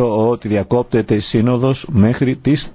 ότι διακόπτεται η σύνοδος μέχρι τις 3.